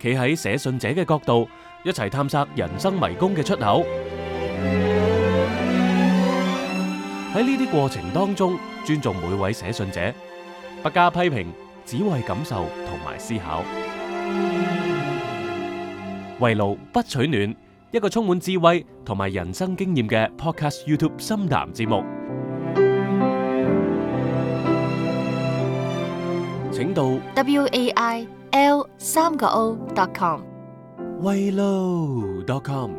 企喺寫信者嘅角度，一齊探索人生迷宮嘅出口。喺呢啲過程當中，尊重每位寫信者，不加批評，只為感受同埋思考。圍爐不取暖，一個充滿智慧同埋人生經驗嘅 Podcast YouTube 深談節目，請到 WAI。l 三個 o dot com，維路 dot com，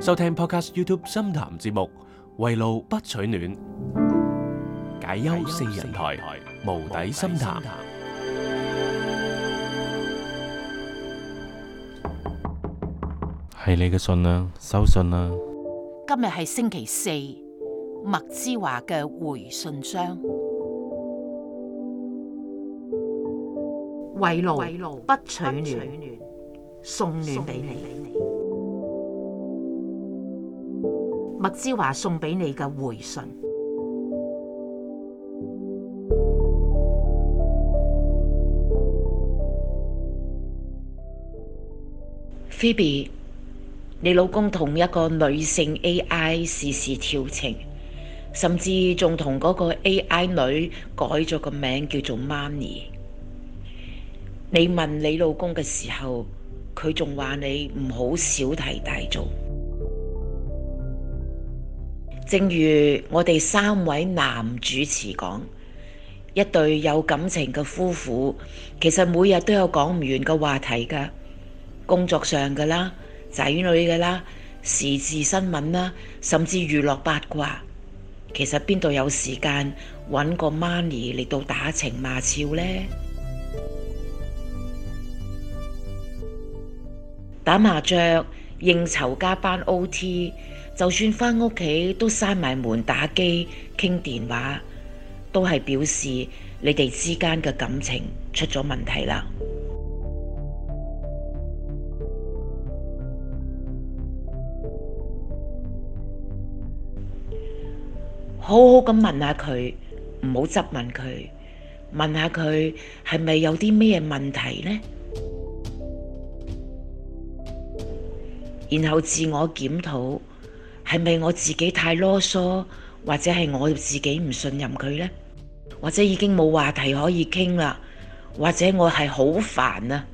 收聽 Podcast YouTube 深談節目，圍爐不取暖，解憂四人台，無底深談，係你嘅信啊，收信啊！今日係星期四，麥之華嘅回信箱。圍爐不取暖，送暖俾你。麥之華送俾你嘅回信。Phoebe，你老公同一個女性 AI 時時調情，甚至仲同嗰個 AI 女改咗個名叫做 Mani。你問你老公嘅時候，佢仲話你唔好小題大做。正如我哋三位男主持講，一對有感情嘅夫婦，其實每日都有講唔完嘅話題噶，工作上噶啦，仔女噶啦，時事新聞啦，甚至娛樂八卦，其實邊度有時間揾個 Mani 嚟到，打情罵俏呢？打麻雀、應酬、加班、OT，就算返屋企都閂埋門打機、傾電話，都係表示你哋之間嘅感情出咗問題啦。好好咁問下佢，唔好質問佢，問下佢係咪有啲咩嘢問題呢？然後自我檢討，係咪我自己太囉嗦，或者係我自己唔信任佢呢？或者已經冇話題可以傾啦？或者我係好煩啊？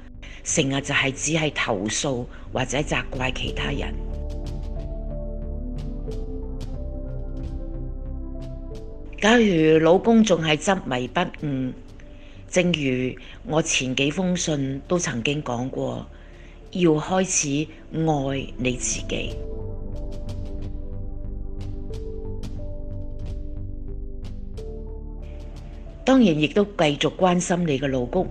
成日就係只係投訴或者責怪其他人。假如老公仲係執迷不悟，正如我前幾封信都曾經講過。要開始愛你自己，當然亦都繼續關心你嘅老公，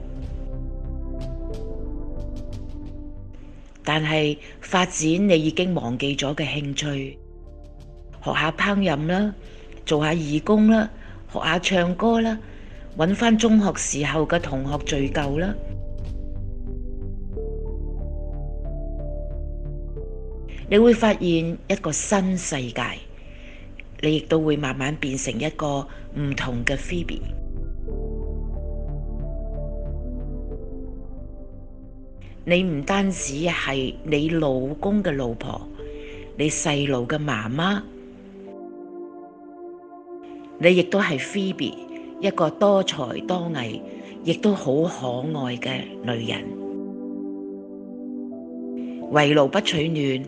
但係發展你已經忘記咗嘅興趣，學下烹飪啦，做下義工啦，學下唱歌啦，搵翻中學時候嘅同學敘舊啦。你會發現一個新世界，你亦都會慢慢變成一個唔同嘅 Phoebe。你唔單止係你老公嘅老婆，你細路嘅媽媽，你亦都係 Phoebe 一個多才多藝，亦都好可愛嘅女人，圍爐不取暖。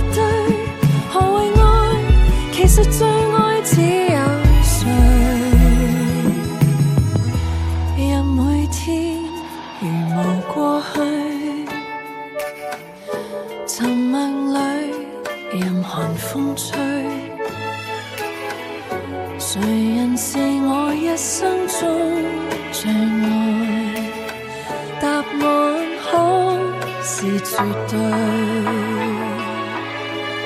不對，何為愛？其實最愛只有誰？任每天如無過去，沉默裏任寒風吹，誰人是我一生中最愛？答案可是絕對。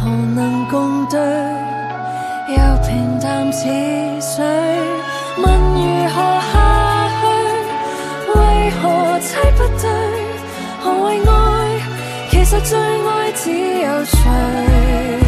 何能共對？又平淡似水。問如何下去？為何猜不對？何為愛？其實最愛只有誰？